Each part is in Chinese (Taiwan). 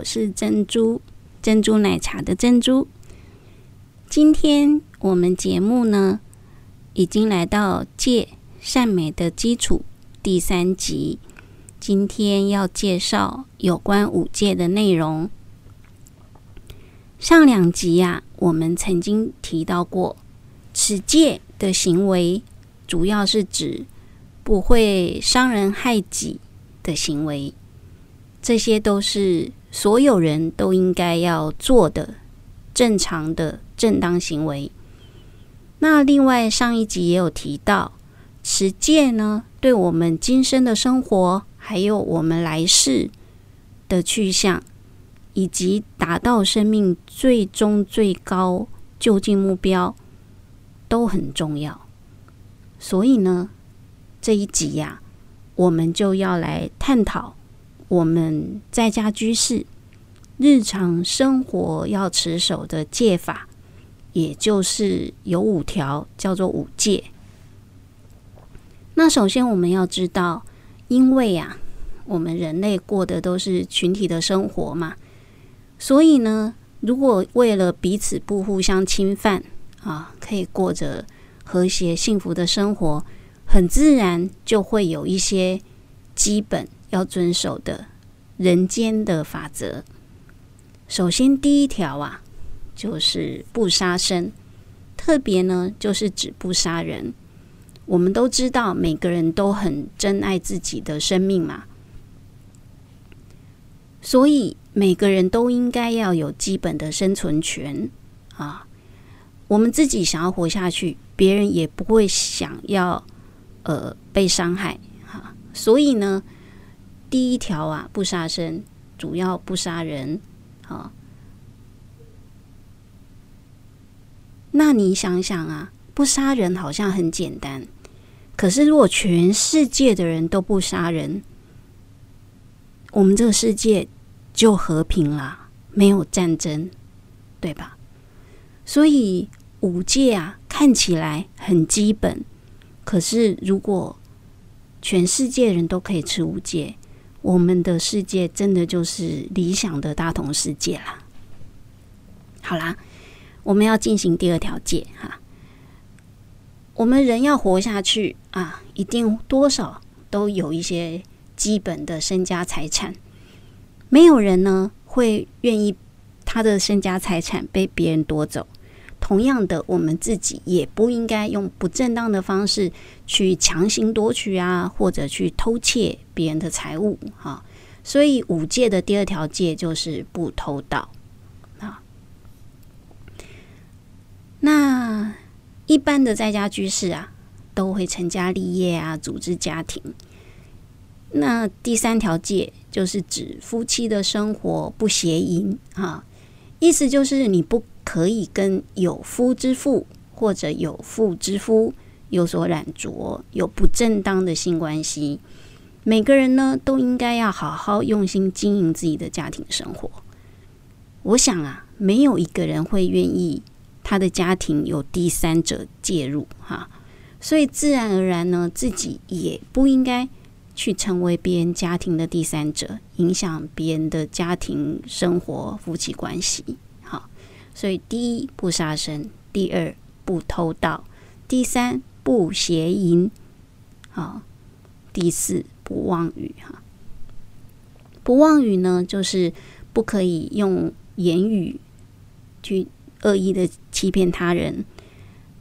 我是珍珠，珍珠奶茶的珍珠。今天我們節目呢，已經來到《戒善美的基礎》第三集。今天要介紹有關五戒的內容。上兩集呀、啊，我們曾經提到過，持戒的行為主要是指不會傷人害己的行為，這些都是。所有人都應該要做的正常的正當行為。那另外上一集也有提到，持戒呢，對我們今生的生活，還有我們來世的去向，以及達到生命最終最高究竟目標，都很重要。所以呢，這一集呀，我們就要來探討。我們在家居士日常生活要持守的戒法，也就是有五條，叫做五戒。那首先我們要知道，因為呀、啊，我們人類過的都是群體的生活嘛，所以呢，如果為了彼此不互相侵犯啊，可以過着和諧幸福的生活，很自然就會有一些基本。要遵守的人間的法則，首先第一條啊，就是不殺生。特別呢，就是指不殺人。我們都知道，每個人都很珍愛自己的生命嘛，所以每個人都應該要有基本的生存權啊。我們自己想要活下去，別人也不會想要呃被傷害啊。所以呢。第一條啊，不殺生，主要不殺人。好。那你想想啊，不殺人好像很簡單。可是如果全世界的人都不殺人，我們這個世界就和平了，沒有戰爭，對吧？所以五戒啊，看起來很基本。可是如果全世界的人都可以持五戒，我們的世界真的就是理想的大同世界啦！好啦，我們要進行第二條戒哈、啊。我們人要活下去啊，一定多少都有一些基本的身家財產。沒有人呢會願意他的身家財產被別人奪走。同樣的，我們自己也不應該用不正當的方式去強行奪取啊，或者去偷竊別人的財物哈、啊。所以五戒的第二條戒就是不偷盜啊。那一般的在家居士啊，都會成家立業啊，組織家庭。那第三條戒就是指夫妻的生活不邪淫哈，意思就是你不可以跟有夫之婦或者有婦之夫有所染着，有不正當的性關係。每個人呢，都應該要好好用心經營自己的家庭生活。我想啊，沒有一個人會願意他的家庭有第三者介入哈、啊，所以自然而然呢，自己也不應該去成為別人家庭的第三者，影響別人的家庭生活、夫妻關係。所以，第一不殺生，第二不偷盜，第三不邪淫，啊、哦，第四不妄語哈。不妄語呢，就是不可以用言語去惡意的欺騙他人，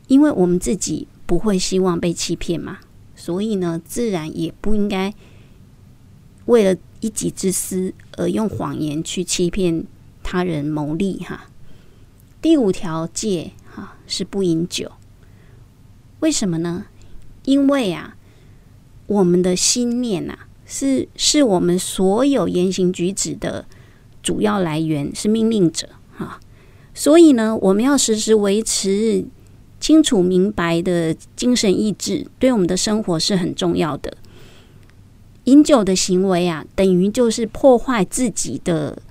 因為我們自己不會希望被欺騙嘛，所以呢，自然也不應該為了一己之私而用謊言去欺騙他人謀利哈。第五條戒哈是不飲酒，為什麼呢？因為啊，我們的心念吶、啊、是是我們所有言行舉止的主要來源，是命令者哈。所以呢，我們要時時維持清楚明白的精神意志，對我們的生活是很重要的。飲酒的行為啊，等於就是破壞自己的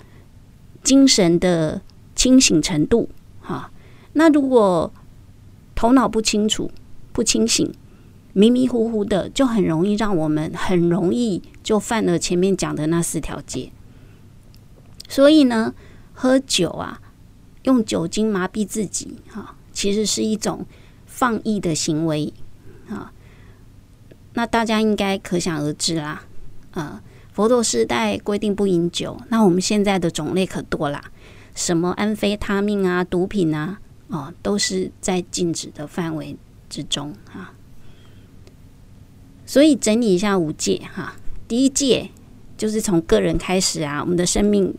精神的。清醒程度，哈，那如果頭腦不清楚、不清醒、迷迷糊糊的，就很容易讓我們很容易就犯了前面講的那四條戒。所以呢，喝酒啊，用酒精麻痹自己，哈，其實是一種放逸的行為，啊，那大家應該可想而知啦。啊，佛陀時代規定不飲酒，那我們現在的種類可多啦。什麼安非他命啊，毒品啊，哦，都是在禁止的範圍之中哈、啊，所以整理一下五戒哈、啊，第一戒就是從個人開始啊，我們的生命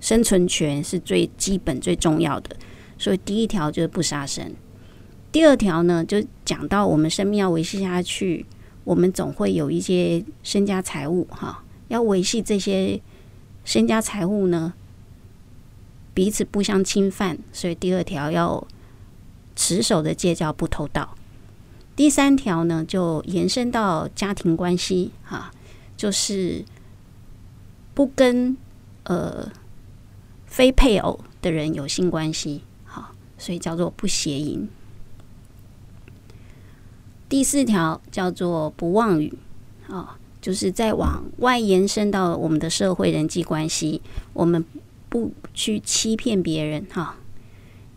生存權是最基本最重要的，所以第一條就是不殺生。第二條呢，就講到我們生命要維繫下去，我們總會有一些身家財物哈、啊，要維繫這些身家財物呢。彼此不相侵犯，所以第二條要持守的戒叫不偷盜。第三條呢，就延伸到家庭關係，哈、啊，就是不跟呃非配偶的人有性關係，好、啊，所以叫做不邪淫。第四條叫做不妄語，啊，就是再往外延伸到我們的社會人際關係，我們。不去欺騙別人哈。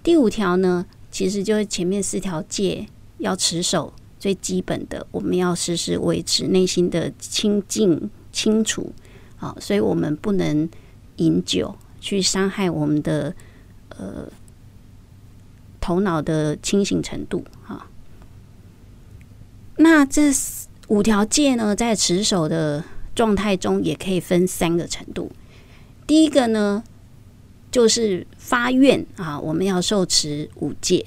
第五條呢，其實就是前面四條戒要持守最基本的，我們要時時維持內心的清淨、清楚啊，所以我們不能飲酒，去傷害我們的呃頭腦的清醒程度哈。那這五條戒呢，在持守的狀態中，也可以分三個程度，第一個呢。就是發願啊，我們要受持五戒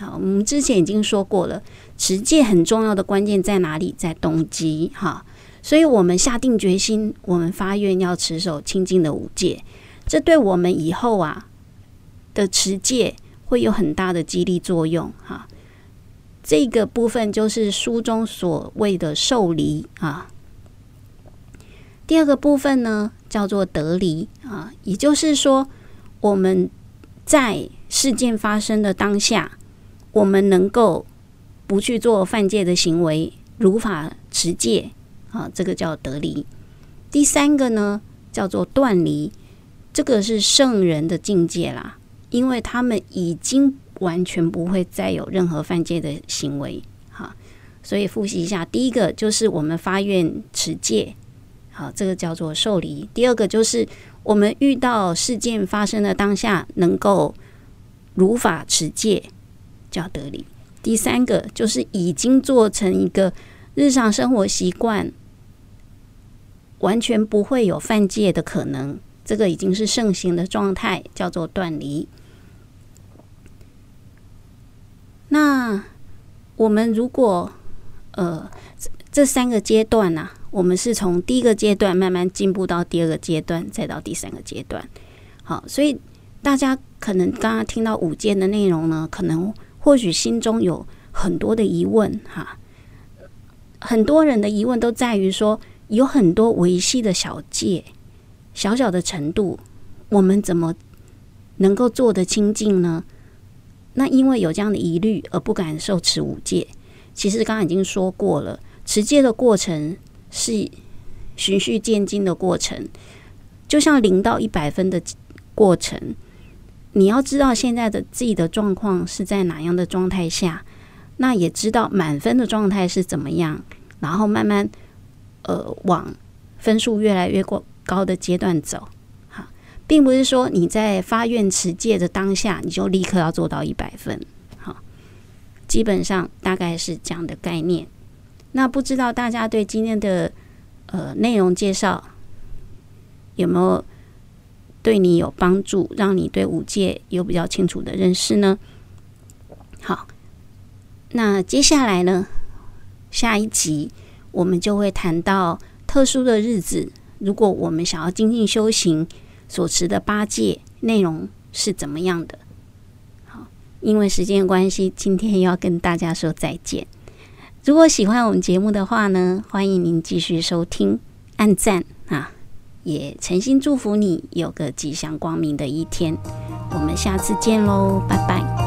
啊。我們之前已經說過了，持戒很重要的關鍵在哪裡？在動機哈。所以我們下定決心，我們發願要持守清淨的五戒，這對我們以後啊的持戒會有很大的激勵作用哈。這個部分就是書中所謂的受離啊。第二個部分呢，叫做得離啊，也就是說。我們在事件發生的當下，我們能夠不去做犯戒的行為，如法持戒啊，這個叫得離。第三個呢，叫做斷離，這個是聖人的境界啦，因為他們已經完全不會再有任何犯戒的行為哈。所以複習一下，第一個就是我們發願持戒，好，這個叫做受離；第二個就是。我們遇到事件發生的當下，能夠如法持戒，叫得離；第三個就是已經做成一個日常生活習慣，完全不會有犯戒的可能，這個已經是聖行的狀態，叫做斷離。那我們如果呃。這三個階段呢、啊，我們是從第一個階段慢慢進步到第二個階段，再到第三個階段。好，所以大家可能剛剛聽到五戒的內容呢，可能或許心中有很多的疑問哈。很多人的疑問都在於說，有很多微細的小戒，小小的程度，我們怎麼能夠做得清淨呢？那因為有這樣的疑慮而不敢受持五戒，其實剛剛已經說過了。持戒的過程是循序漸進的過程，就像零到一百分的過程。你要知道現在的自己的狀況是在哪樣的狀態下，那也知道滿分的狀態是怎麼樣，然後慢慢呃往分數越來越高的階段走。哈，並不是說你在發願持戒的當下，你就立刻要做到一百分。哈，基本上大概是這樣的概念。那，不知道大家對今天的呃內容介紹有沒有對你有幫助，讓你對五戒有比較清楚的認識呢？好，那接下來呢，下一集我們就會談到特殊的日子，如果我們想要精進修行，所持的八戒內容是怎麼樣的？好，因為時間關係，今天要跟大家說再見。如果喜歡我們節目的話呢，歡迎您繼續收聽，按讚啊，也誠心祝福你有個吉祥光明的一天，我們下次見嘍，拜拜。